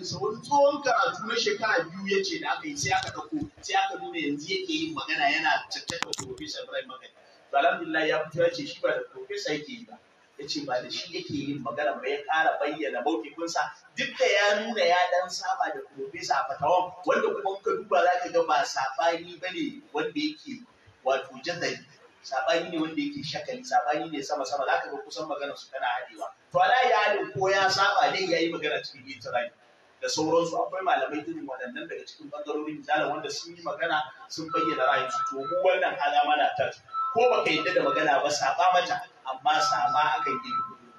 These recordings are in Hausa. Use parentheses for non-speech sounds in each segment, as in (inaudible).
kansa wani tsohon karatu na shekara biyu ya ce da aka yi sai aka ɗauko sai aka nuna yanzu yake yin magana yana caccaka Profesa Ibrahim Magani. To alhamdulillah ya fito ya ce shi ba da Profesa yake yi ba. Ya ce ba da shi yake yin magana ba ya ƙara bayyana maukifinsa duk da ya nuna ya ɗan saba da Profesa a fatawan wanda kuma ka duba za ka ga ba saɓani ba ne wanda yake wato jazari. Saɓani ne wanda yake shakali saɓani ne sama-sama za ka ga kusan magana su tana haɗewa. To ala ya halin ko ya saba dai ya yi magana cikin internet. da sauransu akwai malamai irin waɗannan daga cikin ɓangarorin zala wanda sun yi magana sun bayyana ra'ayinsu to mu wannan hala mana ta ko baka yadda da magana ba saba mata amma saba akan yi.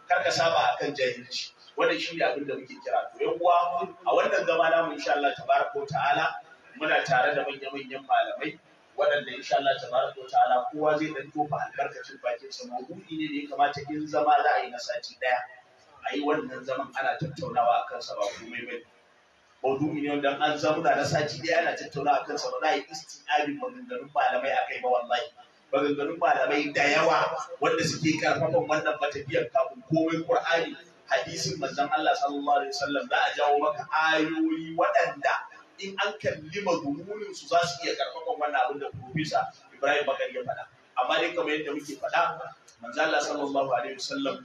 kar ka saba akan jahilci wannan shi ne abin da muke kira to yan uwa a wannan gaba mu insha Allah tabaraka ta'ala muna tare da manya-manyan malamai waɗanda insha Allah tabaraka ta'ala kowa zai dan tofa albarkacin bakin sa ne da ya kamata in zama za a yi na sati daya a yi wannan zaman ana tattaunawa a kansa ba komai ba maudu'i ne wanda an zauna na sati ɗaya ana tattaunawa a kansa ba za a yi maganganun malamai a kai ba wallahi maganganun malamai da yawa wanda suke karfafan wannan matafiyar kafin komai qur'ani hadisin manzon Allah sallallahu alaihi wasallam za a jawo maka ayoyi waɗanda in an kalli magumunin su za su iya karfafan wannan abin da profesa Ibrahim Bakari ya faɗa amma dai kamar yadda muke faɗa manzon Allah sallallahu alaihi wasallam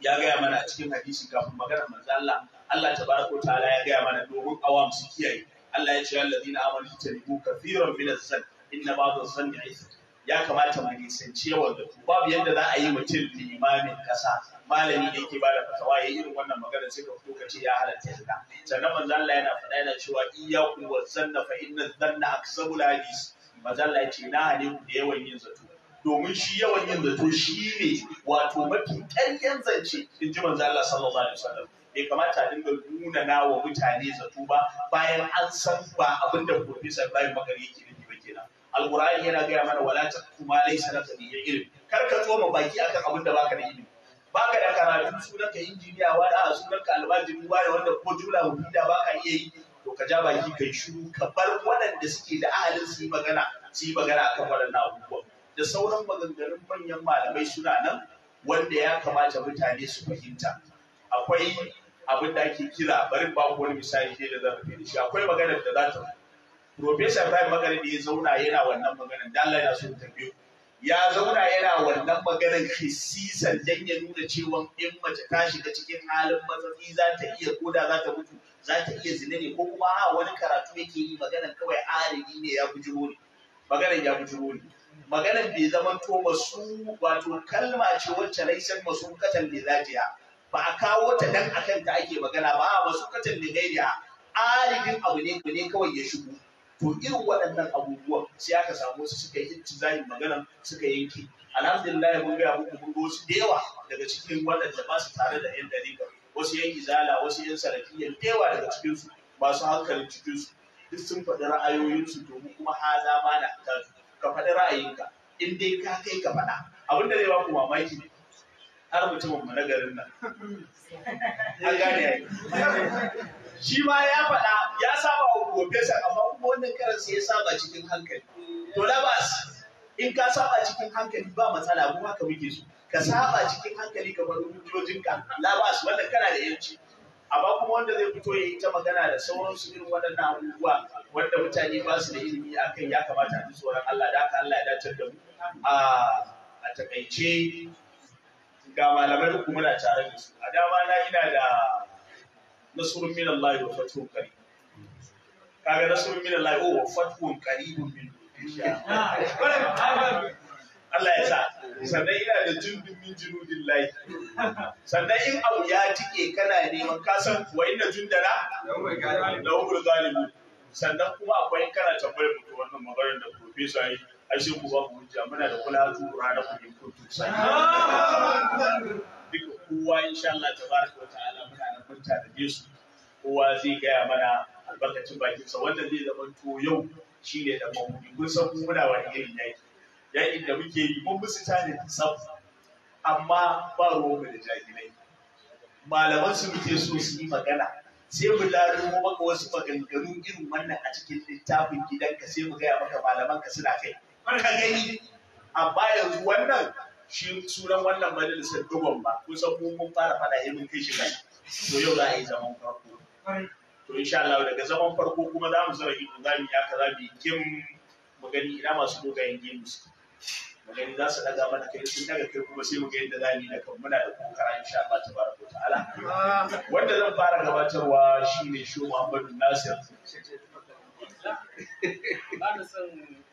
ya gaya mana a cikin hadisi kafin magana manzo Allah Allah tabaraka ta'ala ya gaya mana dogon awam su kiyaye Allah ya ce allazina amanu tanibu kathiran min az-zann inna ba'd az-zann ism ya kamata mu nisanci yawan babu yadda za a yi mutum limamin kasa malami da yake ba da fatawa ya irin wannan magana sai ka fito ka ce ya halatta haka sannan manzo Allah yana faɗa yana cewa iyyakum wa zanna fa inna zanna aksabul hadis manzo Allah ya ce na hadin da yawan yin zato domin shi yawan yin zato shi ne wato mafi ƙaryen zance in ji manzo Allah sallallahu alaihi wasallam bai kamata a dinga nuna na wa mutane zato ba bayan an san ba abin da Professor bai Bakari yake nufi ba kenan Alƙur'ani yana gaya mana wala ta laisa laysa laka bihi ilm kar ka tsoma baki akan abin da baka da ilimi baka da karatu sunanka injiniya da a sunanka albajiri wani wanda ko jula ba baka iya yi to ka ja baki kai shiru ka bar waɗanda suke da ahalin su yi magana su yi magana akan waɗannan abubuwan da sauran maganganun manyan malamai suna nan wanda ya kamata mutane su fahimta akwai abin da ake kira bari ba ku wani misali ne da zafi da shi akwai maganar da za ta Profesa Ibrahim Magana da ya zauna yana wannan maganar da Allah ya so ta ya zauna yana wannan maganar sisan dan ya nuna cewa in mace ta shiga cikin halin matsatsi za ta iya koda za ta mutu za ta iya zina ne ko kuma a wani karatu yake yi maganar kawai arihi ne ya bujiro ne maganar ya bujiro ne maganar bai zama to su wato kalma ce wacce laisar masu katan bai zajiya ba a kawo ta dan akan ta ake magana ba a masu katan bai gaiya Arigin abu ne ne kawai ya shigo to irin waɗannan abubuwan sai aka samu su suka yi zahin maganar suka yanke alhamdulillah mun ga muku mun wasu da yawa daga cikin waɗanda ba su tare da yan dariƙa wasu yan izala wasu yan salafiyya da yawa daga cikin masu hankalin cikinsu. duk sun faɗi ra'ayoyinsu domin kuma haza ma na ka faɗi ra'ayinka in dai ka kai ka faɗa abin da zai baku mamaki mamaki har mutumin mu na garin nan an gane yayi shi ma ya faɗa ya saba wa profesa amma kuma wannan karin sai ya saba cikin hankali to labas in ka saba cikin hankali ba matsala mu ka muke su. ka saba cikin hankali ka kamar hujjojinka labas wannan kana da yanci amma kuma wanda zai fito ya yi ta magana da sauransu irin waɗannan abubuwa wanda mutane ba su da ilimi a kai ya kamata a ji tsoron Allah da aka Allah ya dace da mu a takaice ga malamai uku muna tare da su a dama na ina da nasurun min Allah wafa fathun kari kaga nasurun min Allah wa kari oh, qaribun bin (laughs) Allah ya sa sannan yana da jundun min junudin lahi sannan in abu ya tike kana neman kasan kuwa ina jin da la hukul zalimu sannan kuma akwai kana tambayar mutu wannan maganar da profesa yi ashe sai ku ba ku muna da kula tura rana ku in kuntu kowa insha Allah tabaraka wa ta'ala muna nan kunta da kowa zai gaya mana albarkacin bakinsa wanda zai zama to yau shine da mamuni kun san muna wani irin yaki yakin da muke yi mun musu tare sab amma ba mu da jahilai malaman su muke so su yi magana sai mu mu maka wasu maganganu irin wannan a cikin littafin gidanka sai mu gaya maka malaman ka suna kai barka gani amma yanzu wannan shi sunan wannan majalisar dubon ba kusan mu mun fara fada yi mun kai shi kai to yau za a yi zaman farko to insha Allah daga zaman farko kuma za mu zara ido za yi haka za mu yi kim magani gani ina masu dogayen gemu suke mu za su daga mana kai sun daga kai kuma sai mu ga yadda za mu yi da kanmu na da kokara insha Allah tabaraka ta'ala wanda zan fara gabatarwa shine shu Muhammadu Nasir ba da son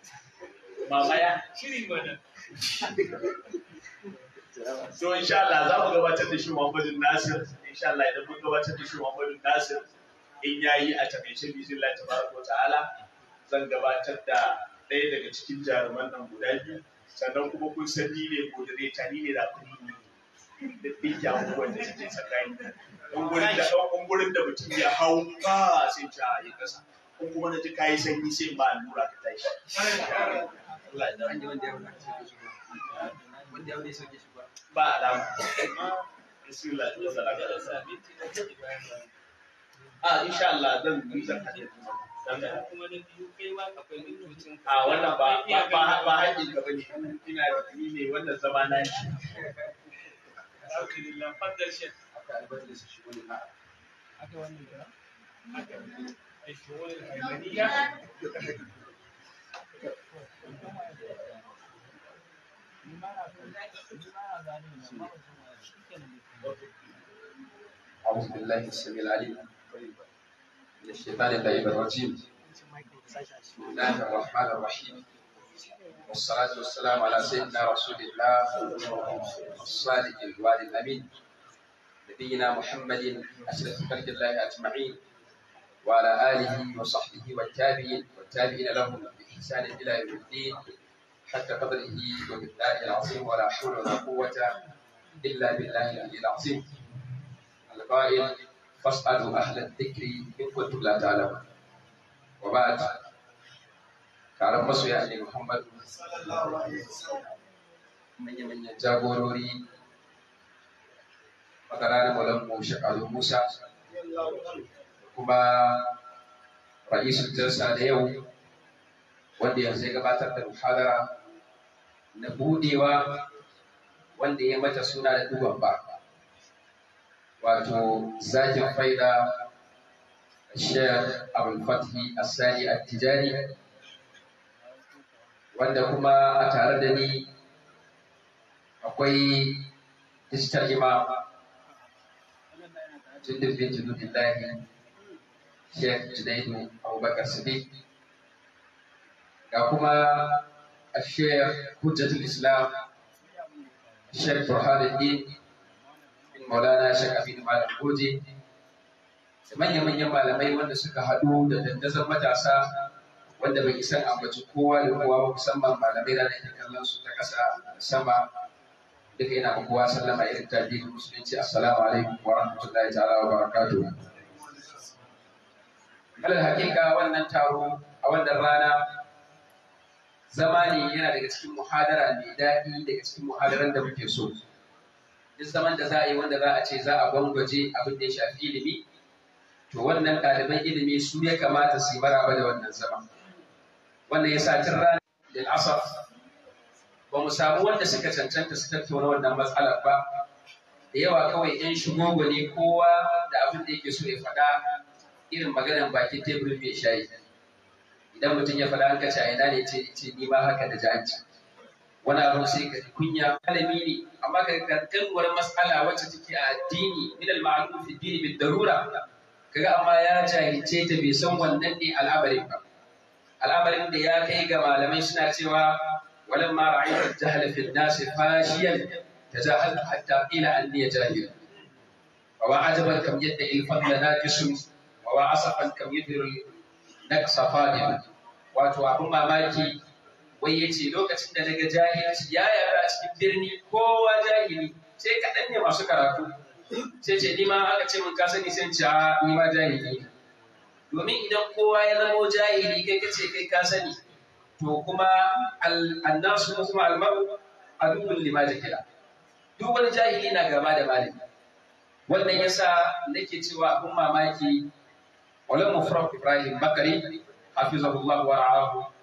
mamaya shiri mana so insha Allah za mu gabatar da shi Muhammadu Nasir insha Allah idan mun gabatar da shi Muhammadu Nasir in yayi a takaice bismillah tabaraka ta'ala zan gabatar da ɗaya daga cikin jaruman nan guda biyu sannan kuma kun san ni ne ta ni ne da kuɗi ne da ɗinki abubuwan da suke tsakani da ɗan gurin da mutum ya hau ba sai ta yi ƙasa, ko kuma na ji kayi sanyi sai ba allura ta tashi ba alama bismillah a insha Allah zan yi zan haɗe a wannan ba ba ba haƙin ka bane ina da ni ne wannan zama na shi na أعوذ بالله السميع العليم من الشيطان اللعين الرجيم بسم الله الرحمن الرحيم والصلاة والسلام على سيدنا رسول الله الصادق الوالد الأمين نبينا محمد أشرف خلق الله أجمعين وعلى آله وصحبه والتابعين والتابعين لهم بإحسان إلى يوم الدين حتى قدره وبالله العظيم ولا حول ولا قوة إلا بالله العلي العظيم القائل فاسألوا أهل الذكر إن كنتم لا تعلمون وبعد masoya ne Muhammadu manya-manyan jagorori makararin walanmu shekaru Musa kuma ra'isul jalsa da yau wanda yanzu ya gabatar da muhadara na budewa wanda ya mata suna da duban ba wato zakin faida Sheikh Abdul Fathi Asani a tijani wanda kuma a tare da ni akwai digital imam Jundub bin Junubillahi Sheikh Junaidu Abubakar Sadiq ga kuma a Sheikh Hujjatul Islam Sheikh Burhanuddin maulana Sheikh da malam goje da manya-manyan malamai wanda suka haɗu da dandazon matasa wanda bai san ambaci kowa da kowa ba musamman malamai da ke kallon su ta ƙasa sama duka yana ma kowa sallama irin ta da musulunci assalamu alaikum wa rahmatullahi ta'ala wa barakatu alal hakika wannan taro a wannan rana zama ne yana daga cikin muhadara mai daɗi daga cikin muhadaran da muke so duk zaman da za a yi wanda za a ce za a gwangwaje abin da ya shafi ilimi to wannan ɗaliban ilimi su ya kamata su yi maraba da wannan zama wannan ya sa tun ranar asaf ba mu samu wanda suka cancanta su tattauna wannan matsalar ba da yawa kawai yan shigo ne kowa da abin da yake so ya faɗa irin maganar bakin teburin mai shayi idan mutum ya faɗa an kace a ina ne ce ni ma haka da janci wani abu sai ka ji kunya malami ne amma ka kankanuwar matsala wacce take a addini min al ma'ruf fi dini bid darura kaga amma ya jahilce ta bai san wannan ne al'amarin ba al'amarin da ya kai ga malamai suna cewa walamma ra'aytu al-jahl fi an-nas fashiyan تجاهلت حتى قيل أني جاهل وعجبا كم يدعي الفضل ناقص وعصفا كم يدعي النقص فاضل wato abin mamaki wai ya ce lokacin da daga jahilci ya yaru a cikin birni kowa jahili sai kaɗan ne masu karatu sai ce ni aka ce min ka sani sai ce ni ma jahili domin idan kowa ya zamo jahili kai kace kai ka sani to kuma annasu ko kuma almaru aduwwul lima jahila duk wani jahili na gaba da malami wannan yasa nake cewa abun mamaki wala mufrad ibrahim bakari hafizahullah wa ra'ahu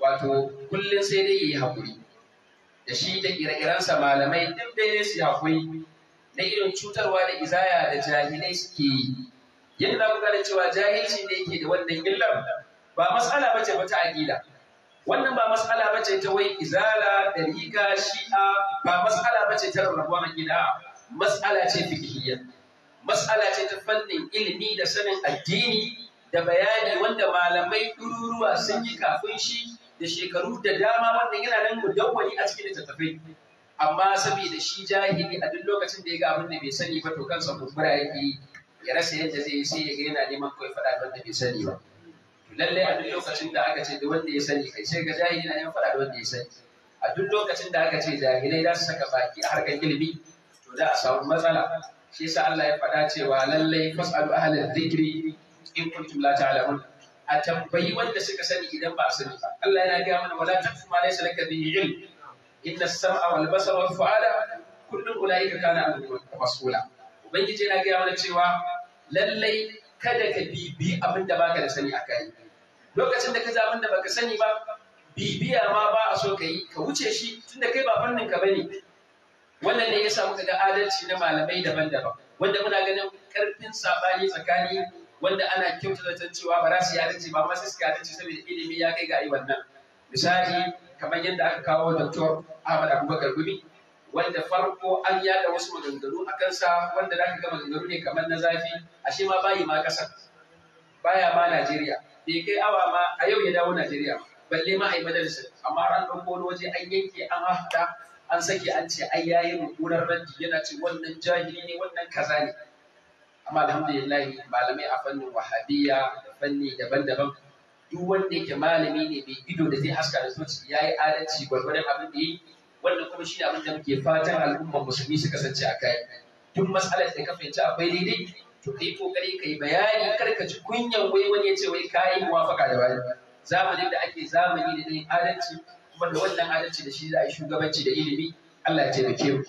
wato kullum sai dai yi haƙuri da shi da ire-irensa malamai duk dai su haƙuri na irin cutarwa da izaya da jahilai suke yi yadda za da gane cewa jahilci ne yake da wannan illar ba matsala bace ba ta aƙida wannan ba matsala bace ta wai izala da riga shi'a ba matsala bace ta rarrabuwa na gida matsala ce fikihiyya matsala ce ta fannin ilimi da sanin addini da bayani wanda malamai ɗururuwa sun yi kafin shi da shekaru da dama wannan yana nan mudawwani a cikin littattafai amma saboda shi jahili a duk lokacin da ya ga abin da bai sani ba to kansa kumbura yake ya rasa yadda zai yi sai ya ga yana neman kawai faɗa abin da bai sani ba lallai a duk lokacin da aka ce da wanda ya sani kai sai ga jahili na yin faɗa da wanda ya sani a duk lokacin da aka ce jahilai za su saka baki a harkar ilimi to za a samu matsala shi yasa Allah ya faɗa cewa lallai fasalu ahlal dhikri in kuntum la ta'lamun a tambayi wanda suka sani idan ba sani ba Allah yana gaya mana wala taqfu ma laysa laka bihi ilm inna as-sam'a wal basara wal fu'ada kullun ulaika kana anhu mas'ula ubangiji yana gaya mana cewa lallai kada ka bibi abin da baka da sani akai lokacin da ka ji abin da baka sani ba bibiya ma ba a so ka yi ka wuce shi tunda kai ba fannin ka bane wannan ne ya muka ga adalci na malamai daban-daban wanda muna ganin karfin sabani tsakanin wanda ana kyautata zaton cewa ba za su ba amma sai suka yarince saboda ilimi ya kai ga yi wannan misali kamar yadda aka kawo doktor Ahmad Abubakar Gumi wanda farko an yada wasu maganganu a kansa wanda zaka ga maganganu ne kamar na zafi ashe ma bayi ma kasar baya ma Najeriya bai kai awa ma a yau ya dawo Najeriya balle ma a yi madarsa amma ran ɗauko wani waje an yanke an hafta an sake an ce ai yayi mummunar raddi yana ce wannan jahili ne wannan kaza ne amma alhamdulillah malamai a fannin wahabiyya da fanni daban-daban duk wanda yake malami ne mai ido da zai haska da zuci ya yi adalci gwargwadon abin da yi wannan kuma shi abin da muke fatan al'ummar musulmi su kasance a kai duk matsalar da ka fahimci akwai daidai to kai kokari kai bayani kar ka ci kunyan wai wani ya ce wai kayi muwafaka da wani zamanin da ake zamani da yin adalci kuma da wannan adalci da shi za a yi shugabanci da ilimi Allah ya taimake mu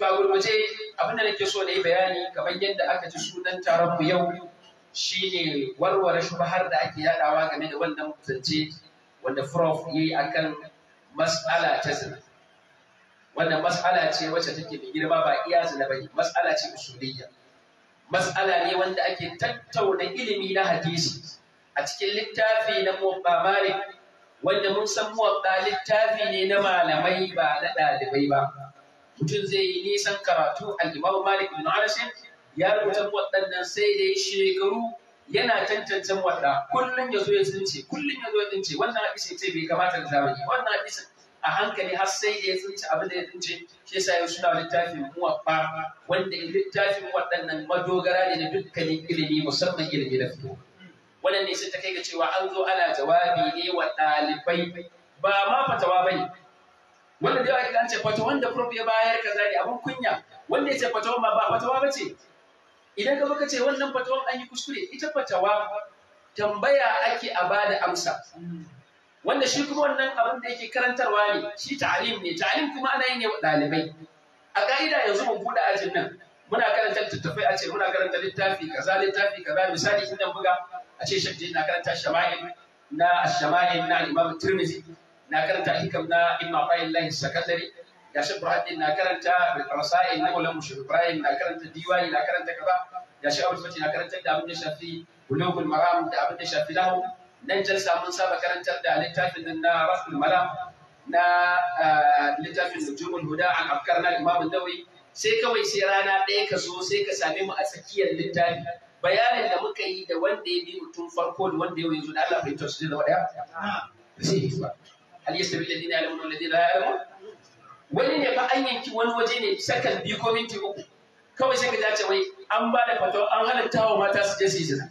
to a gurguje abin da nake so na yi bayani kamar yadda aka ji sunan taron mu yau shine warware shubhar da ake yadawa game da wannan kusance wanda prof a akan mas'ala ta zina wannan mas'ala ce wacce take da girma ba iya zina bane mas'ala ce usuliyya mas'ala ne wanda ake tattauna ilimi na hadisi a cikin littafi na muwabba malik wanda mun san muwabba littafi ne na malamai ba na ɗalibai ba mutum zai yi nisan karatu al-imam malik bin anas ya rubuta waɗannan sai da ya shekaru yana tantance wadda kullum ya zo ya tsince kullum ya zo ya tsince wannan hadisin ce bai kamata da zamani wannan hadisin a hankali har sai da ya tsince abin da ya tsince shi yasa yau suna littafin muwaffa wanda littafin waɗannan madogara ne na dukkanin ilimi musamman ilimi na fito wannan ne sai ta kai ga cewa an zo ana jawabi ne wa ɗalibai ba ma fatawa ba ne wanda da yawa idan ce fata wanda prof ya bayar kaza ne abin kunya wanda ya ce fatawa ma ba fatawa ba ce idan ka baka ce wannan fatawan an yi kuskure ita fatawa tambaya ake a bada amsa wanda shi kuma wannan abin da yake karantarwa ne shi ta'alim ne ta'alim kuma ana yi ne wa ɗalibai a ka'ida yanzu mun buɗe ajin nan muna karanta littattafai a ce muna karanta littafi kaza littafi kaza misali in buga a ce shafi na karanta shama'il na shama'il na imam tirmidhi na karanta hikam na ibn Abdullah sakandari ya shi burhadin na karanta rasail na Maulana Mushir Ibrahim na karanta diwani na karanta kaza ya shi Abdul fati na karanta da abin da shafi bulugul maram da abin da shafi lahu nan jalsa mun saba karantar da littafin nan na rasul malam na littafin nujumul huda an afkarna na Imam Nawawi sai kawai sai rana ɗaya ka zo sai ka same mu a tsakiyar littafi bayanin da muka yi da wanda ya bi mutum farko da wanda ya yi zuwa Allah bai tausaye da wadaya sai ba hal yastawi alladhina ya'lamuna alladhina la ya'lamun wani ne fa an yanki wani waje ne sakan biyu ko minti uku kawai sai ka dace wai an ba da fatawa an halatta wa mata su je su yi zina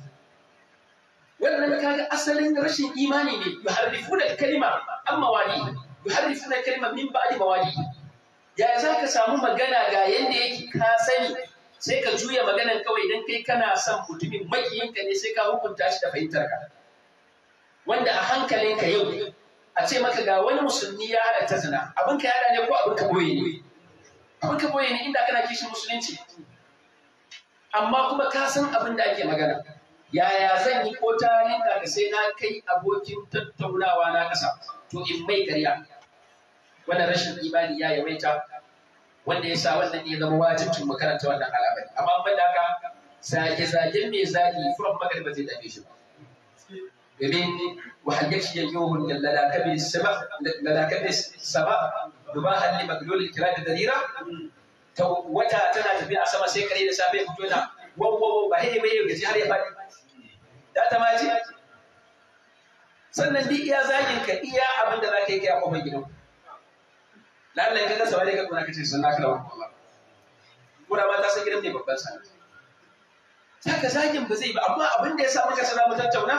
wannan kaga asalin rashin imani ne yuharrifuna kalima amma wali yuharrifuna kalima min ba ba'di mawali Ya za ka samu magana ga yanda yake ka sani sai ka juya maganar kawai idan kai kana son mutumin makiyinka ne sai ka hukunta shi da fahimtar ka wanda a hankalinka yau a ce maka ga wani musulmi ya halatta zina abin ka yada ne ko abin ka boye ne abin ka boye ne inda kana kishin musulunci amma kuma ka san abin da ake magana yaya zan yi ko ta rinka ka sai na kai abokin tattaunawa na kasa to in mai ƙarya wannan rashin imani ya yawaita wanda ya sa wannan ya zama wajibcin makaranta wannan al'amari amma ban da haka zage-zagen mai zagi furan magarba ba zai dame shi ba domin وهل يكشي يوم للا كبر السبب للا كبر السبب دباها لمقلول الكلاب الدريرة تو وتا تنا تبيع سما سيكري ba كتونا وو yau بهي بهي وجزي هري بادي دا تماجي sannan duk iya zagin ka iya abin da za ka yi kai a kofar gidan lallai ka kasa wani ka kuna kace sun na kalawa kuna ma ta san gidan ne babban sani saka zagin ba zai ba amma abin da ya sa muka sana mu tattauna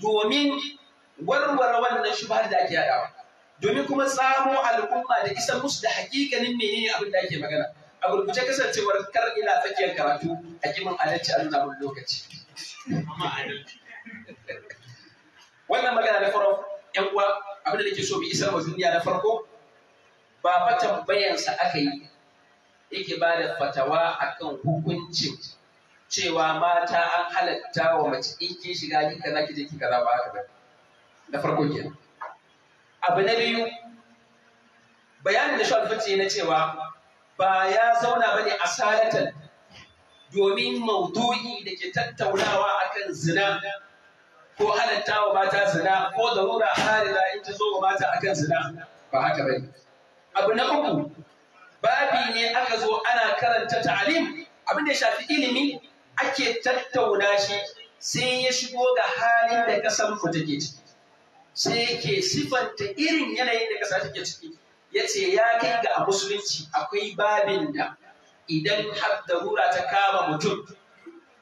domin warware wannan shubhar da ake haɗawa domin kuma samo al'umma da isa musu da hakikanin menene abin da ake magana a gurguje kasancewar kar ina tsakiyar karatu a kimin adalci a nuna lokaci wannan magana na farko yan uwa abin da nake so mu isar wa duniya na farko ba fa tambayansa aka yi yake ba da fatawa akan hukuncin cewa mata an halatta wa mace in ki shiga kin kaza ki je ki kaza ba haka ba na farko ke. abu na biyu bayanin da fice na cewa ba ya zauna bane a salatan domin maudu'i da ke tattaunawa akan zina ko halatta wa mata zina ko darura harira in ta zo wa mata akan zina ba haka bane abu na uku babi ne aka zo ana karanta ta'alim abin da ya shafi ilimi ake tattauna shi sai ya shigo ga halin da kasar ku take ciki sai yake sifanta irin yanayin da kasa take ciki ya ce ya kai ga a musulunci akwai babin da idan har darura ta kama mutum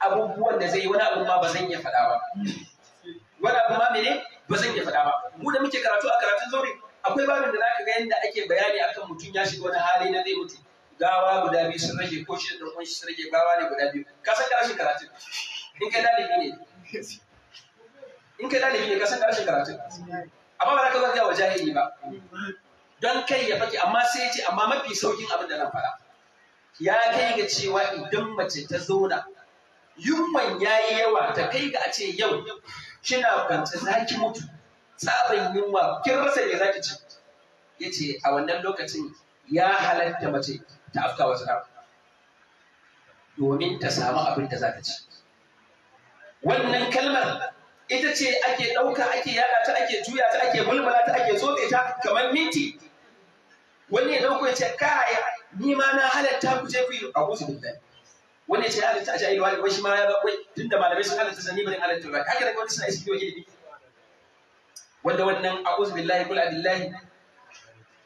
abubuwan da zai yi wani abu ma ba zan iya faɗa ba wani abu ma mene ba zan iya faɗa ba mu da muke karatu a karatun zauri akwai babin da zaka ga yadda ake bayani akan mutum ya shiga wani hali na zai mutu gawa guda biyu sun rage ko shi da ɗan sun rage gawa ne guda biyu ka san rashin karatun in kai dalibi ne in kai dalibi ne ka san rashin karatun amma ba za ka zarga wa jahili ba don kai ya faki amma sai ya ce amma mafi saukin abin da nan fara ya kai ga cewa idan mace ta zauna yunwan ya yi yawa ta kai ga a ce yau kina kwance za ki mutu tsarin yunwa kin rasa me za ki ci ya ce a wannan lokacin ya halatta mace ta afka na zina domin ta samu abin da za ta ci wannan kalmar ita ce ake ɗauka ake yaɗa ta ake juya ta ake mulmula ta ake zobe ta kamar minti wani ya ɗauko ya ce kaya ni ma na halatta ku je ku yi abu su billahi wani ya ce halatta a jahili wani shi ma ya bakwai tun tunda malamai sun halatta sani bari halatta ba haka da wani suna isi biyo ilimi wanda wannan a'udhu billahi kul billahi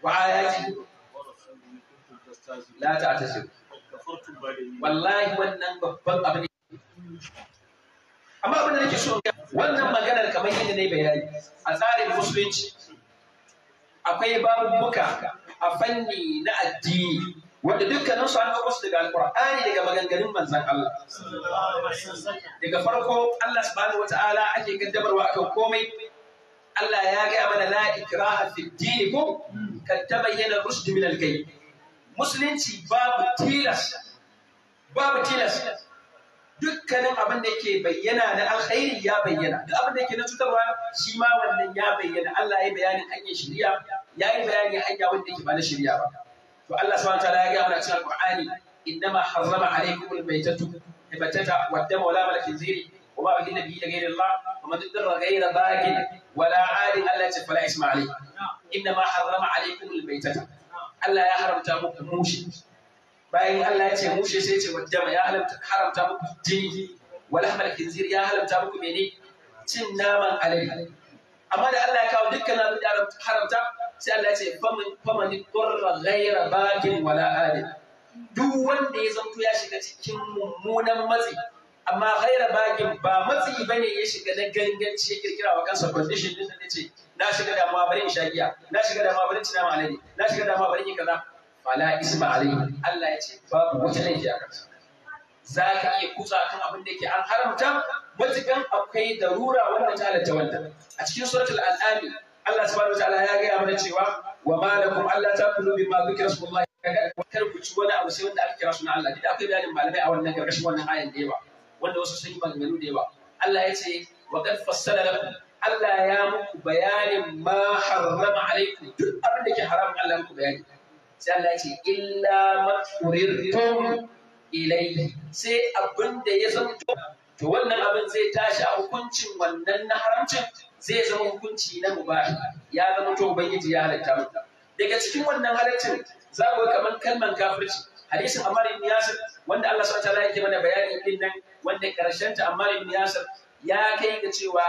wa ayati la ta'tazir wallahi wannan babban abu ne amma abin da nake so wannan maganar kamar yadda na yi bayani a tsarin musulunci akwai babubuka a fanni na addini wanda dukkanin su an ɗauko su daga alƙur'ani daga maganganun manzan Allah daga farko Allah subhanahu wata'ala ake gaddabarwa akan komai Allah ya gaya mana la ikraha fi dini ko kad tabayyana rushd min al-gayb musulunci babu tilas babu tilas dukkanin abin da yake bayyana na alkhairi ya bayyana duk abin da yake na cutarwa shi ma wannan ya bayyana Allah ya bayanin hanyar shari'a ya yi bayanin hanya wanda yake ba na shari'a ba to Allah subhanahu wataala ya ga mana cikin Qur'ani innama harrama alaykum almaytatu almaytata waddama wala mal khinziri wa ma uhilla bihi ghayra Allah wa man ittara ghayra baghin wala 'adin Allah ya fala innama harrama alaykum almaytata Allah ya haramta muku mushi. bayan Allah ya ce mushi sai ce wa dama ya haramta muku jini wal hamal khinzir ya haramta muku mene cin naman alai amma da Allah ya kawo dukkan abin da haramta sai Allah ya ce faman faman qurra ghayra bagin wala adil duk wanda ya zanto ya shiga cikin mummunan matsi amma ghaira bagin ba matsi bane ya shiga na ganganci ya kirkira wa kansa condition din da ce na shiga damuwa bari in sha giya na shiga damuwa bari in ci nama alade na shiga damuwa bari in kaza fala isma alaihi Allah ya ce babu wata laifi a kansa za ka iya kutsa kan abin da ke an haramta matukan akwai darura wanda ta halatta wanda a cikin suratul al'ami Allah subhanahu wataala ya gaya mana cewa wa ma lakum alla takulu mimma dhikra rasulullahi kar ku ci wani abu sai wanda aka kira sunan Allah duk akwai bayanin malamai a wannan karkashin wannan ayan da yawa wanda wasu sun yi maganganu da yawa Allah ya ce wa qad fassala lakum Allah ya muku bayanin ma harrama alaikum duk abin da ke haram Allah muku bayani sai Allah ce illa matkurirtum ilaihi sai abin da ya zanto to wannan abin zai tashi a hukuncin wannan na haramcin zai zama hukunci na mubashi ya zama to ubangiji ya halatta mu daga cikin wannan halaccin za ku kamar kalman kafirci hadisin Ammar ibn Yasir wanda Allah subhanahu wa ta'ala yake mana bayani din nan wanda karshen ta Ammar ibn Yasir ya kai ga cewa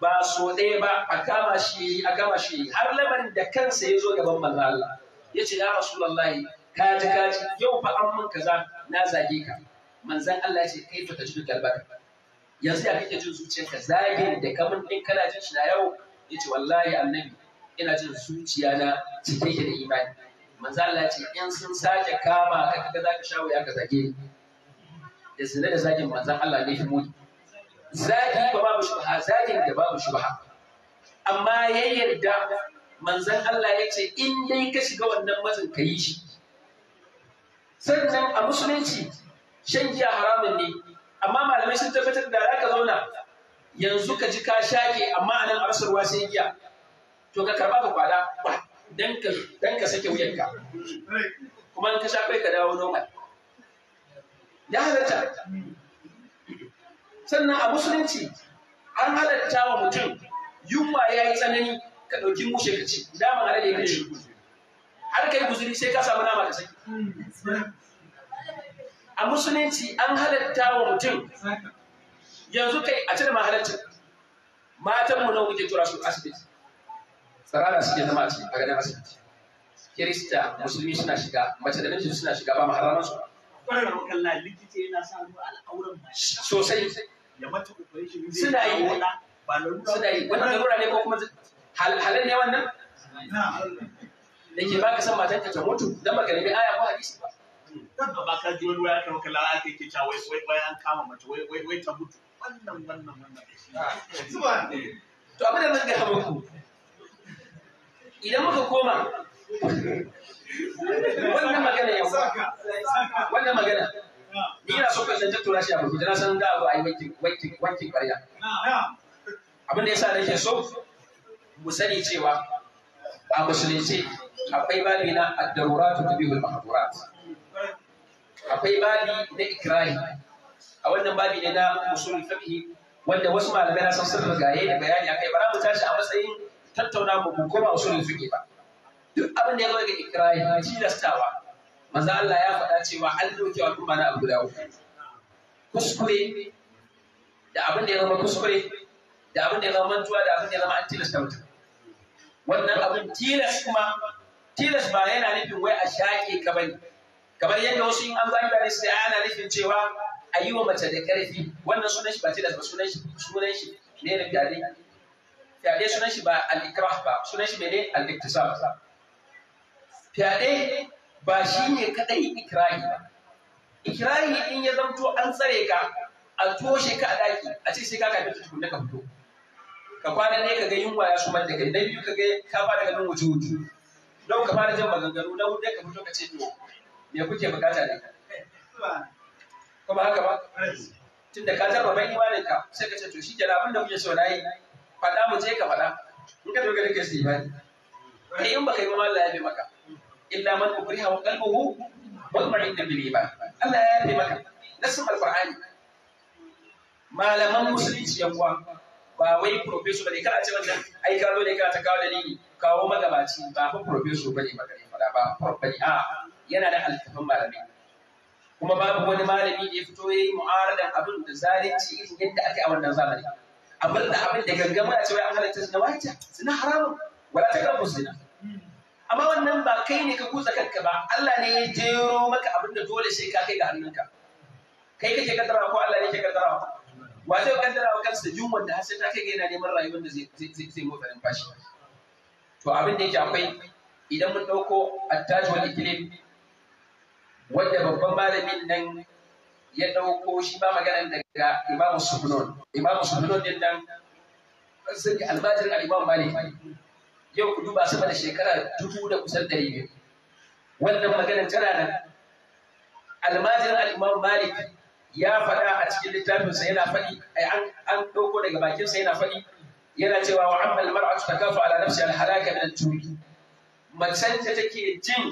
ba so ɗaya ba a kama shi a kama shi har laban da kansa ya zo gaban manzo Allah ya ce ya rasulullahi ka ji ka ji yau fa an mun kaza na zage ka manzon Allah ya ce kai fa tajidu kalbaka yanzu ya kake jin zuciyarka zagin da kamun din kana jin shi na yau ya ce wallahi annabi ina jin zuciya na cike da imani manzo Allah ya ce in sun sake kama ka kaga zaka shawo ya ka zage ni da zina da zagin manzon Allah ne ka muni zaki ba babu shubha zagin da babu shubha amma ya yarda manzon Allah ya ce in dai ka shiga wannan matsin ka yi shi sannan a musulunci shan giya haramun ne amma malamai sun tabbatar da za ka zauna yanzu ka ji ka shaƙe amma a nan arsarwa sai giya to ka karɓa ka kwada dan dan ka sake wuyanka kuma in ka sha ka dawo normal ya halatta sannan a musulunci an halatta wa mutum yunwa ya yi tsanani ka ɗauki mushe ka ci dama a rage ka ci har kai guzuri sai ka samu nama ka sai a musulunci an halatta wa mutum yanzu kai a cire mahalaccin matan mu nawa kuke tura su asibiti tsarara suke zama a cikin ganin asibiti kirista musulmi suna shiga mace da namiji suna shiga ba maharamansu sosai ya mata operation suna yi ba suna yi wannan larura ne ko kuma halal ne wannan da ke baka san matar ta mutu dan baka nemi aya ko hadisi ba dan ba ka ji wani waya kan kala aka ke cewa wai wai wai an kama mata wai wai wai ta mutu wannan wannan wannan zuwa to abin da zan ga muku idan muka koma wannan magana yau wannan magana ni na so kan tattauna shi a gurguje na san da abu a yi wankin wankin wankin ƙarya abin da yasa nake so mu sani cewa a musulunci akwai babi na ad-daruratu tubihul mahdurat akwai babi na ikrahi a wannan babi ne na usulul fiqh wanda wasu malamai na san sun rigaye da bayani akai ba za mu tashi a matsayin tattauna mu koma usulul fiqh ba duk abin da ya zo daga ikrahi tilastawa Maza Allah ya faɗa cewa an ɗauke wa al'umma na abu guda uku kuskure da abin da ya zama kuskure da abin da ya zama mantuwa da abin da ya zama an tilasta mutum wannan abin tilas kuma tilas ba yana nufin wai a shaƙe ka bane kamar yadda wasu in an zaɓi ne sai ana nufin cewa a yi wa mace da ƙarfi wannan sunan shi ba tilas ba sunan shi sunan shi ne na fyaɗe fyaɗe sunan shi ba al-ikrah ba sunan shi ne al-iktisab fyaɗe ba shi ne kadai ikirahi ba ikirahi in ya zamto an tsare ka a toshe ka a daki a ce sai ka kafin ta tukunna ka fito ka kwana ne ka ga yunwa ya sumar da kai na biyu ka ga ka fara ganin wuce wuce don ka fara jan maganganu na hudu ka fito ka ce to me kuke bukata ne kuma haka ba tun da ka taba bai imanin ka sai ka ce to shi kenan abinda da kuke so na yi faɗa mu je ka faɗa in ka dogara ka yi ne. kai in baka yi ma Allah ya bi maka illa man ukriha wa qalbuhu mutma'inna bil iman Allah ya yafe maka nasin alqur'ani malaman musulunci yan uwa ba wai professor bane kana ce wannan ai ka zo ne kana ta kawo dalili kawo magabaci ba fa professor bane ba kare fada ba prof bane a yana da alfafan malamai kuma babu wani malami da ya fito yayi mu'aradan abin da zalunci irin yadda ake a wannan zamani abin da abin da gangama ya ce wai an halatta zina wata zina haramun wala ta kan zina amma wannan ba kai ne ka kutsa kanka ba Allah ne ya jero maka abin da dole sai ka kai ga hannunka kai kake kaddara ko Allah ne ke kaddara wa zai kaddara wa kansa jin wanda har sai ta kai ga yana neman rayuwar da zai zai motsa fashi to abin da yake akwai idan mun dauko attaj wal iklim wanda babban malamin nan ya dauko shi ba maganar daga imamu Sufyan imamu Sufyan din nan sai almajirin al-Imam Malik yau ku duba sama da shekara dubu da kusan ɗari biyu wannan maganar tana nan almajin al'imam malik ya faɗa a cikin littafinsa yana faɗi an ɗauko daga bakinsa yana faɗi yana cewa wa amma almar'atu takafu ala nafsi alhalaka min al macen ta take jin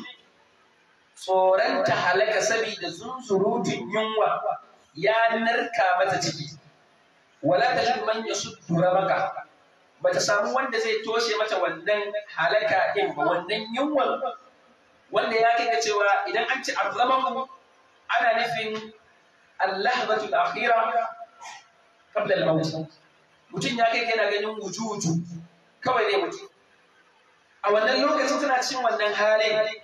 tsoron ta halaka saboda zunzurutun yunwa ya narka mata ciki wala ta man yasuddu maka. ba ta samu wanda zai toshe mata wannan halaka ɗin ba wannan yunwar. wanda ya kai cewa idan an ci azabahu ana nufin allahbatul akhira qabla al-maut mutum ya kai yana ganin wujudu kawai ne mutum a wannan lokacin tana cin wannan halin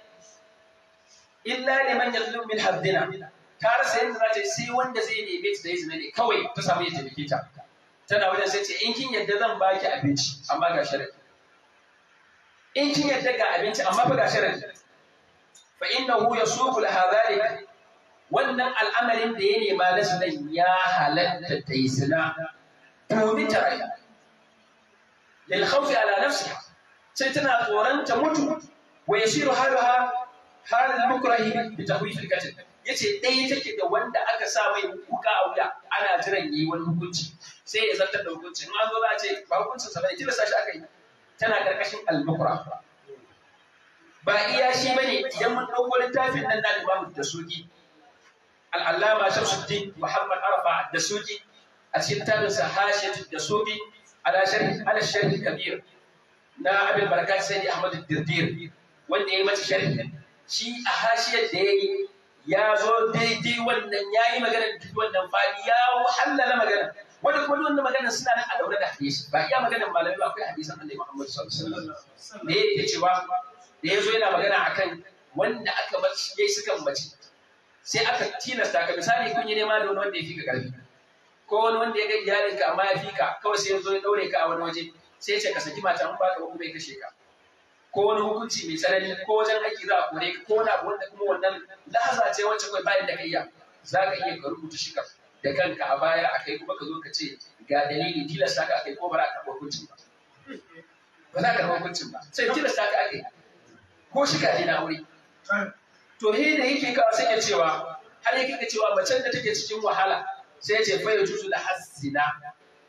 illa liman manyan min haddina ta rasa yadda za ta yi sai wanda zai neme ta da izini ne kawai ta samu ya taimake ta tana wajen sai ce in kin yadda zan baki abinci amma ga sharadi in kin yadda ga abinci amma Ba ga sharadi fa innahu yasuqu laha dhalik wannan al'amarin da ya nema na sunan ya halatta ta yi suna domin ta rayu lil khawfi ala nafsiha sai tana tsoron ta mutu wa yashiru halaha halal mukrahi bi tahwif al-qatl ya ce ɗaya take da wanda aka sa mai kuka a wuya ana jiran yi wani hukunci sai ya zartar da hukunci in an zo za a ce ba hukuncinsa ba ne tilasta shi aka yi tana ƙarƙashin almakura ba iya shi ba ne idan mun ɗauko littafin nan na imamu da suki al'allama shamsuddin muhammad arafa da suki a cikin tarinsa hashiyat da suki ala sharhi kabir na abin barkat sai ahmad dirdir wanda ya yi mata sharhi shi a hashiyar da ya yi ya zo daidai wannan ya yi magana da wannan fadi ya hallala magana wanda kuma wannan magana suna nan a daure da hadisi ba iya maganar malami ba akwai hadisan annabi Muhammad sallallahu alaihi wasallam da yake cewa da yazo yana magana akan wanda aka bar bace yayi sukan bace sai aka tilasta ka misali kun yi nema da wani wanda ya fika karfi ko wani wanda ya ga iyalinka amma ya fika kawai sai ya zo ya daure ka a wani waje sai ya ce ka saki mata an baka ba kuma ya kashe ka ko wani hukunci mai tsanani ko wajen aiki za a kore ka ko na wanda kuma wannan lahaza ce wacce kai bayan da ka iya za ka iya ka rubuta shi da kanka a baya a kai kuma ka zo ka ce ga dalili tilasta ka a kai ko ba za ka karɓi hukuncin ba ba za ka karɓi hukuncin ba sai tilasta ka a kai ko shi ka na wuri to he da yake kawo sai ya cewa har yake ka cewa macen da take cikin wahala sai ya ce fa ya juzu da hazzina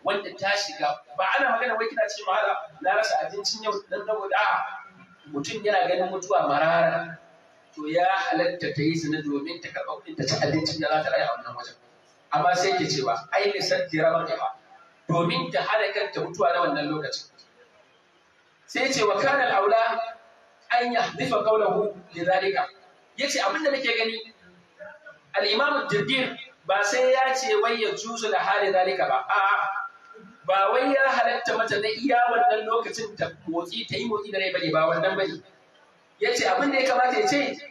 wanda ta shiga ba ana magana wai kina cikin wahala na rasa abincin yau dan saboda a'a mutum yana ganin mutuwa marara to ya halatta ta yi zina domin ta karɓa kuɗin ta ci abincin da za ta rayu a wannan wajen amma sai ke cewa ai ne san jira ba domin ta hana kanta mutuwa na wannan lokacin sai ce wa kana al'aula an yahdifa qawluhu lidhalika yace abinda nake gani al-imam ad ba sai ya ce wai ya juzu da hali zalika ba a'a ba wai ya halatta mata na iya wannan lokacin ta motsi ta yi motsi da rai bane ba wannan bane ya ce abin da ya kamata ya ce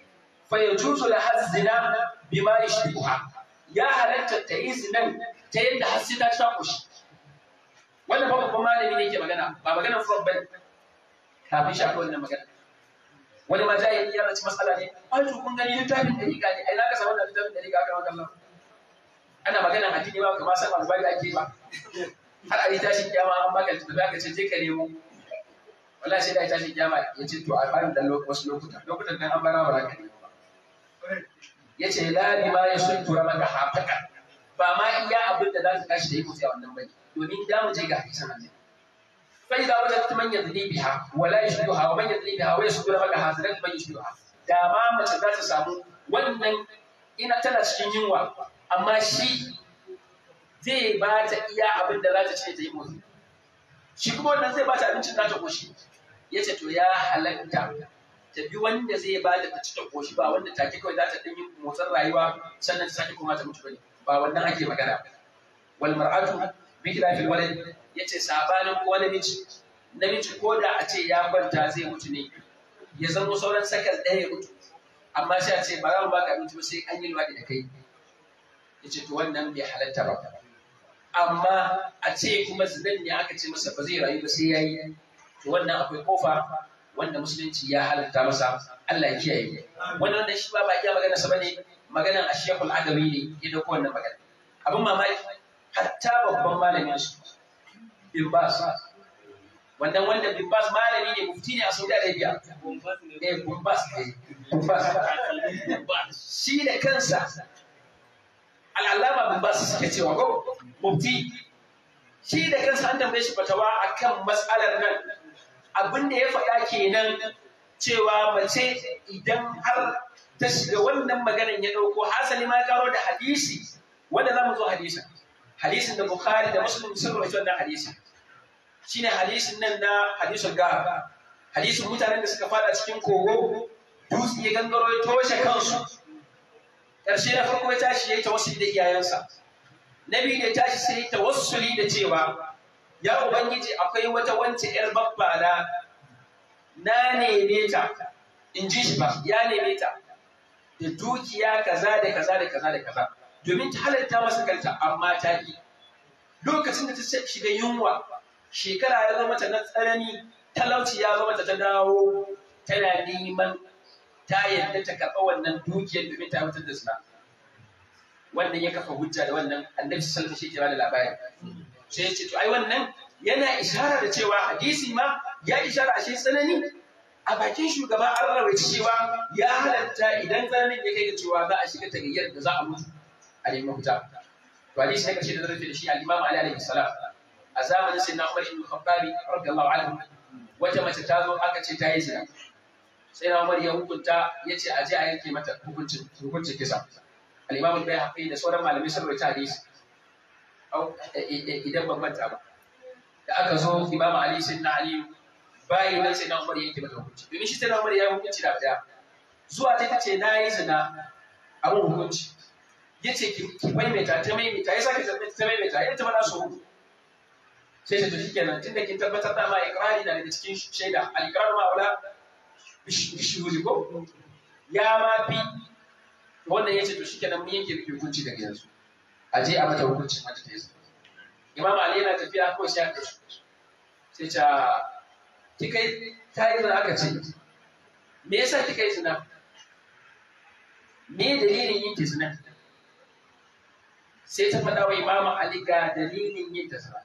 fa ya juzu la hazzina bi ma yashbiha ya halatta ta yi zinan ta yadda har sai ta kushi wannan ba babban malami ne yake magana ba magana furan bane kafin shi wannan magana wani ma jahili ya ci matsala ne ai to kun gani littafin da riga ne ai na kasa wannan littafin da riga aka wannan ana magana addini ba kamar san albani ake ba har a yi tashin kyama an baka littafi aka ce je ka nemo wala sai da tashin kyama ya ce to a bani da wasu lokuta lokutan nan an bara ba za ka nemo ba ya ce la bi ma ya sun tura maka hafaka ba ma iya abin da za ka tashi da yi kusa wannan bane domin da mu je ga hadisan nan فإذا وجدت من يدلي بها ولا يشبهها ومن يدلي بها ويشبه لك حاضرة من يشبهها da ma mace za ta samu wannan ina tana cikin yunwa amma shi zai ba ta iya abin da za ta ce ta yi motsi shi kuma wannan zai ba ta abincin za ta koshi ya ce to ya halatta ta bi wanda zai ba ta ci ta koshi ba wanda take kawai za ta ɗan yi motsin rayuwa sannan ta sake kuma ta mutu bane ba wannan ake magana wal mar'atu bi khilafil walad yace sabanin ko namiji namiji ko da a ce ya kwanta zai mutu ne ya zama sauran sakar ɗaya ya mutu amma sai a ce ba za mu baka abinci ba sai an yi luwaɗi da kai ya ce to wannan bai halatta ba amma a ce kuma zidan ne aka ce masa ba zai rayu ba sai ya yi to wannan akwai kofa wanda musulunci ya halatta masa Allah ya kiyaye wannan da shi ba ba iya magana sa bane a ashiyakul agabi ne ya dauko wannan magana abin mamaki hatta babban malamin su bin bas wannan wanda bin bas malami ne mufti ne a Saudi Arabia eh, bin bas eh, bin bas shi da kansa min ba su suke cewa ko mufti shi da kansa an tambaye shi fatawa akan matsalar nan abin da ya faɗa kenan cewa mace idan har ta shiga wannan maganar ya ɗauko hasali ma karo da hadisi wanda za mu zo hadisi hadisin da bukhari da muslim sun rawaito wannan hadisi shine hadisin nan na hadisul gahar hadisin mutanen da suka fada cikin kogo dutse ya gangaro ya toshe kansu ƙarshe na farko ya tashi ya yi tawassuli da iyayensa na biyu ya tashi sai ya tawassuli da cewa ya ubangiji akwai wata wance yar babba na na neme ta in ji shi ba ya neme ta da dukiya kaza da kaza da kaza da kaza domin ta halarta masa kanta amma ta ki lokacin da ta shiga yunwa shekara ya zama ta na tsanani talauci ya zama ta ta dawo tana neman ta yadda ta karɓa wannan dukiyar domin ta fitar da suna wannan ya kafa hujja da wannan annabi sallallahu alaihi wasallam da labari sai ya ce to ai wannan yana ishara da cewa hadisi ma ya ishara shi tsanani a bakin shugaban an rawaita cewa ya halatta idan tsananin ya kai da cewa za a shiga tagayyar da za a mutu a neman mahuta to hadisi na kashe da zarafi da shi al-imam ali alaihi salam a zamanin sayyidina umar ibn khattabi radiyallahu anhu wata mace ta zo aka ce ta yi zina sai na Umar ya hukunta ya ce a je a yanke mata hukuncin kisa Al’imamu bai al da sauran malamai sun rawaita hadisi eh, eh, eh, idan ban manta ba da aka zo Imam Ali sai na Ali bayi nan sai na Umar ya yanke mata hukunci domin shi sai na Umar ya hukunci da daya zuwa ta ce na yi zina a hukunci ya ce ki maimaita ta maimaita ya sake ta maimaita ya ta mana su sai ta tafi kenan tunda kin tabbatar da ma ikrari na daga cikin shaida al-ikrar ma'ula bishiyoyi ko ya ma fi wannan ya ce to shikenan mun yanke miki hukunci daga yanzu a je a mata hukunci mata ta yi imam ali yana tafiya ko sai aka sai ta ah, ki kai ta yi zina aka ce me yasa kika yi zina me dalilin yin ta zina sai ta faɗa wa imam ali ga dalilin yin ta zina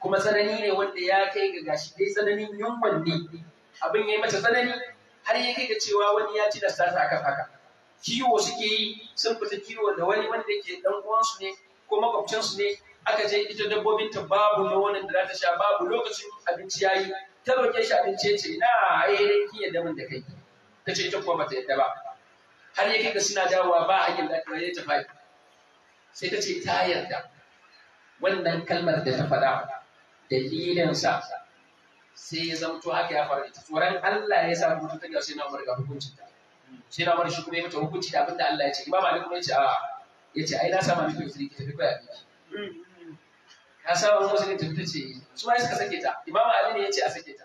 kuma tsanani ne wanda ya kai ga gashi dai tsananin yunwan ne abin ya yi mata tsanani har ya kai ga cewa wani ya ci da sata akan haka kiwo suke yi sun fita kiwo da wani wanda ke dan uwansu ne ko makwabcinsu ne aka je ita dabbobin ta babu nonon da za ta sha babu lokacin abinci yayi ta roke shi abinci ya ce na ai dai da min da kai ta ce ita kuma bata yadda ba har ya kai ga suna dawowa ba a da ta ta sai ta ce ta yarda wannan kalmar da ta faɗa dalilinsa sai ya zamto haka ya faru ita tsoron Allah ya sa mutum ta gaushe na murga hukunci ta sai na mara shi kuma ya mata hukunci da abinda Allah ya ce imam Ali kuma ya ce a ya ce ai na sa mami ta fitri tafi kai a biki ya sa mami tafi ta fita ce su ma suka sake ta imam Ali ne ya ce a sake ta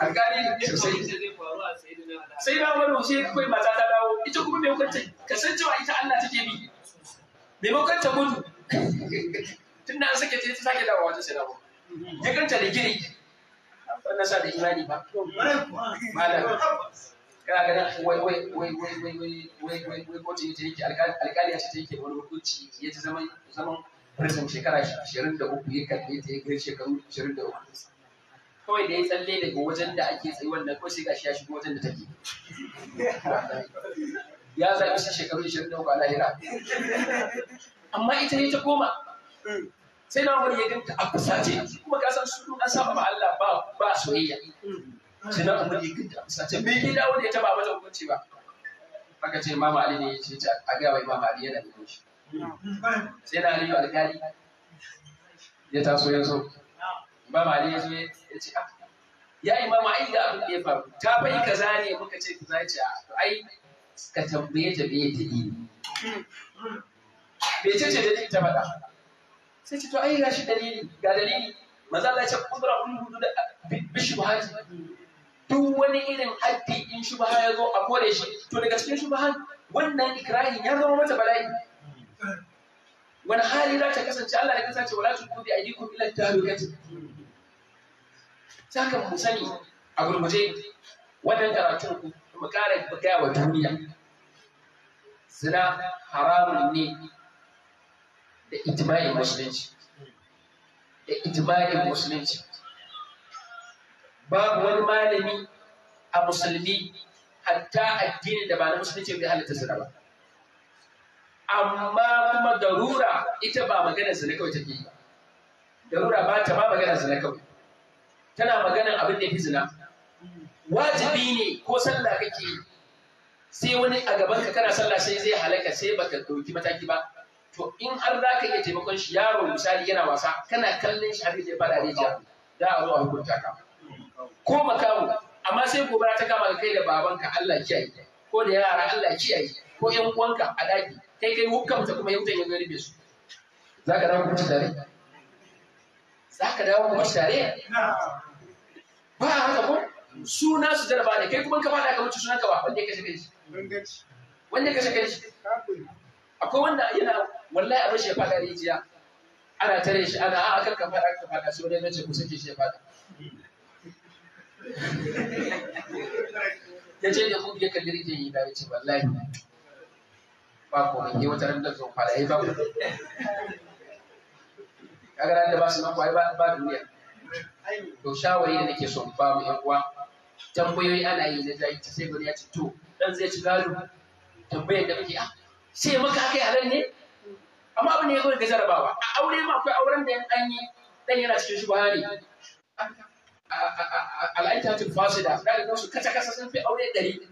alkali ah, sosai sai na wani wuce kai mata ta dawo ita kuma ka san kasancewa ita Allah take bi Mai ta gudu (laughs) da an sake ta ta sake dawo ta sai dawo jikanta da giri wannan sa da imani ba malam kana ganin wai wai wai wai wai wai wai wai wai kotu ita yake alƙali ce ta yake wani hukunci ya ta zaman zaman prison shekara ashirin da uku ya kalle ta ya kai shekaru ashirin da uku kawai da ya tsalle daga wajen da ake tsaye wannan ko sai gashi ya shigo wajen da take ya zaɓi shi shekaru ashirin da uku a lahira amma ita ne ta koma sai na wani ya ganta a fusace kuma ka san su an saba ma Allah ba ba soyayya sai na wani ya ganta a fusace bai ke dawo da ya taba mata hukunci ba aka ce mama Ali ne ya ce a ga wai mama Ali yana da shi sai na Ali alƙali ya taso ya zo mama Ali ya zo ya ce ah, ya imama ai ga abin da ya faru ta bai kaza ne muka ce ku ya ce ah, ai ka tambaye ta me ta yi me ce ce da ta faɗa sai ce to ai ga shi dalili ga dalili maza Allah ya ce kudra ul hudud bi shubhat duk wani irin haddi in shubaha ya zo a kore shi to daga cikin shubhan wannan ikrahi ya zama mata bala'i wani hali za ta kasance Allah da kasance wala tu kudi ajikum ila tahlukati saka mu sani a gurguje wannan karatun ku mu kara gaya wa duniya zina haramun ne da ijma'in musulunci da ijma'in musulunci babu wani malami a musulmi hatta addinin da ba na musulunci bai halitta zina ba amma kuma darura ita ba magana zina kawai take yi darura ba ta ba magana zina kawai tana maganan abin da ya fi zina wajibi ne ko sallah kake sai wani a gaban ka kana sallah sai zai halaka sai baka ɗauki mataki ba to in har za ka iya taimakon shi yaro misali yana wasa kana kallon shi abin da ya fada rijiya za a zo a hukunta ka ko makamu amma sai gobara ta kama ka kai da babanka Allah kiyaye ko da yara Allah kiyaye ko 'yan uwanka a daki kai kai hukamta kuma yautan ya garbe su za ka dawo kuma tare za ka dawo kuma tare ba haka ko suna su jarba ne kai kuma ka fada ka mutu sunan ka ba wanda ya kashe kai wanda ya kashe kai akwai wanda yana wallahi a bashi ya fada rijiya ana tare shi ana a kan kafa aka fada so dai nace ku sake shi ya fada ya ce da kuma ya kalli rijiya yi da ce wallahi ba ko an yi wata randa zuwa fada ya ba ku kaga ranar da ba su ma kwaye ba duniya to shawari da nake son ba mu yan uwa tambayoyi ana yi na jayi sai bari ya ce to dan zai ci gado tambayar da muke a ah, sai maka aka yi halal ne amma abu ne ya zo da jarabawa a aure ma akwai auren da an yi dan yana cikin shi bahari al'aitatul fasida da ga su kaca kasa sun fi aure ɗari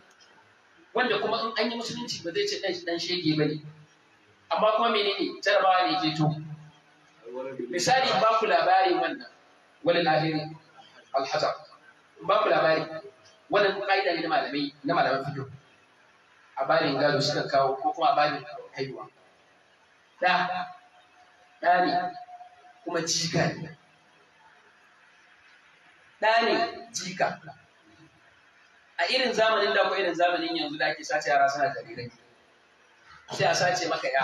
wanda kuma in an yi musulunci ba zai ce ɗan shege ba ne. amma kuma menene jarabawa ne ke to misali ba ku labari wannan wani lahiri alhazar ba ku labari wannan ka'ida ne na malamai na malaman fito a barin gado suka kawo ko kuma a barin haihuwa ɗa ɗa ne kuma jika ne ɗa ne jika a irin zamanin da ko irin zamanin yanzu da ake sace yara suna jarirai sai a sace maka ya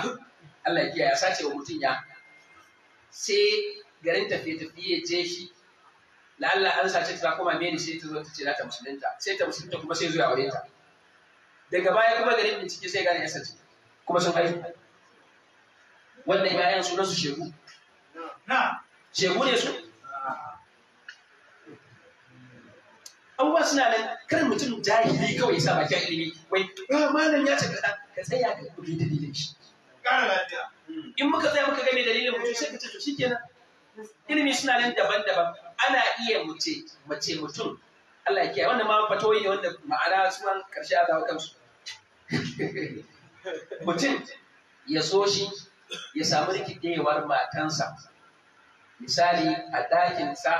Allah ya kiyaye a sace wa mutum ya sai garin tafiye-tafiye je shi la'alla an sace ta kuma ne sai ta zo ta ce za ta musulunta sai ta musulunta kuma sai zuwa aure ta daga baya kuma garin cike sai gane ya sace kuma sun haihu wanda bayan sunan su shegu shegu ne su abubuwa suna nan kar mutum jahili kawai ya sa baki a ilimi wai ah malam ya ce kaza ka tsaya ka kudi dalilin shi kara lafiya in muka tsaya muka gane dalilin mutum sai ka ce to shikenan ilimi suna nan daban-daban ana iya mace mace mutum Allah ya kiyaye wannan ma fatoyi ne wanda ma'ana su ma karshe a zawo kansu (laughs) mutum ya so shi ya samu rikidewar matansa misali a ɗakinsa